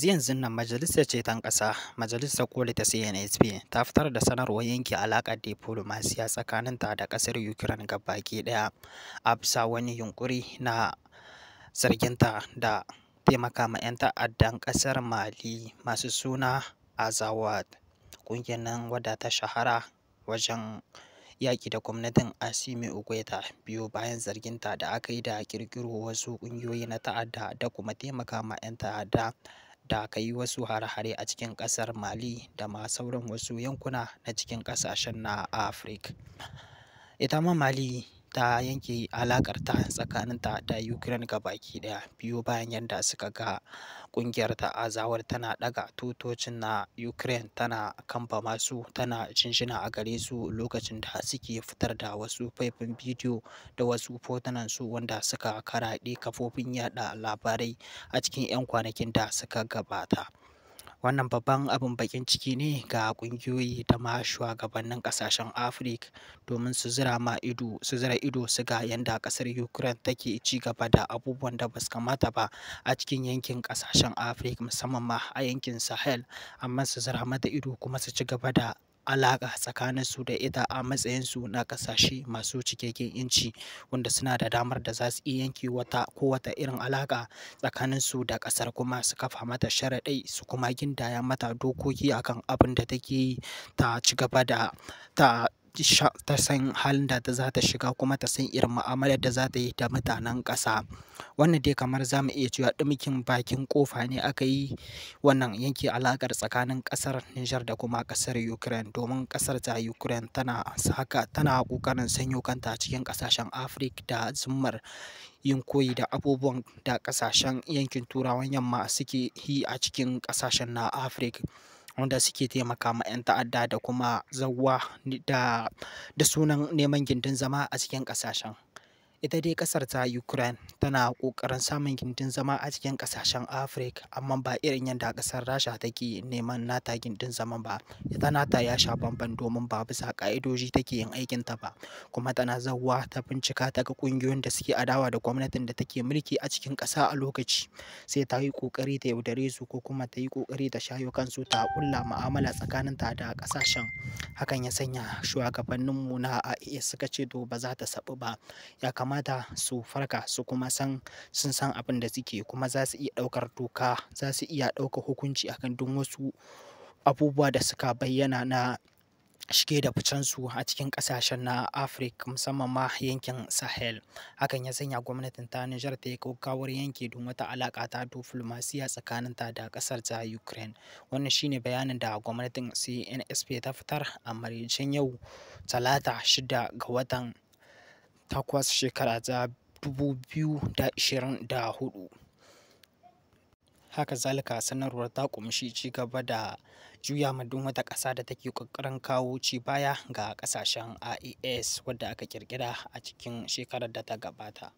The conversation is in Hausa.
yanzu yanzu nan majalisar ceton ƙasa majalisar koli ta cnsp ta fitar da sanarwar yanke alaƙar tsakanin ta da ƙasar ukraine gabaki ɗaya a bisa wani yunkuri na zarginta da taimaka ma 'yan ta'addan ƙasar mali masu suna azawad ƙungiyar nan wadda ta shahara wajen yaƙi da gwamnatin Asimi Ugweta biyu bayan zarginta da aka yi da ƙirƙiro wasu ƙungiyoyi na ta'adda da kuma taimaka ma 'yan ta'adda da aka yi wasu hare-hare a cikin ƙasar Mali da ma sauran wasu yankuna na cikin ƙasashen na Afirka. Ita ma Mali ta yanke alakar ta tsakanin ta da Ukraine ga baki daya biyu bayan yadda suka ga kungiyar ta azawar tana daga tutocin na Ukraine tana kamba masu tana shinshina a gare su lokacin da suke fitar da wasu faifin bidiyo da wasu fotunan su wanda suka karaɗe kafofin yada labarai a cikin 'yan kwanakin da suka gabata. wannan babban abin bakin ciki ne ga kungiyoyi da ma shugabannin kasashen afirka domin su zira ma ido su zira ido su ga yadda kasar ukraine take ci gaba da abubuwan da basu kamata ba a cikin yankin kasashen afirka musamman ma a yankin sahel amma su zira mata ido kuma su ci gaba da alaƙa tsakaninsu da ita a matsayinsu na ƙasashe masu cikakken inci wanda suna da damar da za su iya yanke wata kowata irin alaƙa su da ƙasar kuma su kafa mata sharaɗai su kuma gindaya mata dokoki akan abin da take yi ta cigaba da ta ta san halin da ta za shiga kuma ta san irin mu'amalar da za ta yi da mutanen ƙasa wannan dai kamar za mu iya cewa ɗumikin bakin ƙofa ne aka yi wannan yanke alaƙar tsakanin ƙasar Nijar da kuma ƙasar Ukraine domin ƙasar ta Ukraine tana haka tana ƙoƙarin sanyo kanta cikin ƙasashen Afirka da zummar yin koyi da abubuwan da ƙasashen yankin Turawan Yamma suke yi a cikin ƙasashen na Afirka. wanda suke taimaka ma 'yan ta'adda da kuma zawwa da sunan neman gindin zama a cikin ƙasashen. Ita dai ƙasar ta Ukraine tana ƙoƙarin samun gindin zama a cikin ƙasashen Afirka, amma ba irin yadda ƙasar Rasha take neman nata gindin zama ba. Ita nata ya sha bamban domin ba bisa ƙa'idoji take yin aikinta ba, kuma tana zawa ta bincika ta ga ƙungiyoyin da suke adawa da gwamnatin da take mulki a cikin ƙasa a lokaci. Sai ta yi ƙoƙari ta yaudare su ko kuma ta yi ƙoƙari ta shayo kansu ta ƙulla mu'amala tsakaninta da ƙasashen. Hakan ya sanya shugabanninmu na AES suka ce to ba za ta saɓu ba. Ya kama. kamata su farka su kuma san sun san abin da suke kuma za su iya ɗaukar doka za su iya ɗaukar hukunci akan duk wasu abubuwa da suka bayyana na shige da ficensu a cikin kasashen na afirka musamman ma yankin sahel hakan ya sanya gwamnatin ta nijar ta yi gaggawar yanke don wata alaka ta diflomasiya tsakanin ta da kasar ta ukraine wannan shine bayanin da gwamnatin cnsp ta fitar a maraicen yau talata shida ga watan takwas shekara da hudu haka zalika sanarwar ta kumshi ci gaba da juya ma duk wata ƙasa da take ƙoƙarin kawo ci baya ga ƙasashen IAS e wadda aka kirkira a cikin shekarar da ta gabata.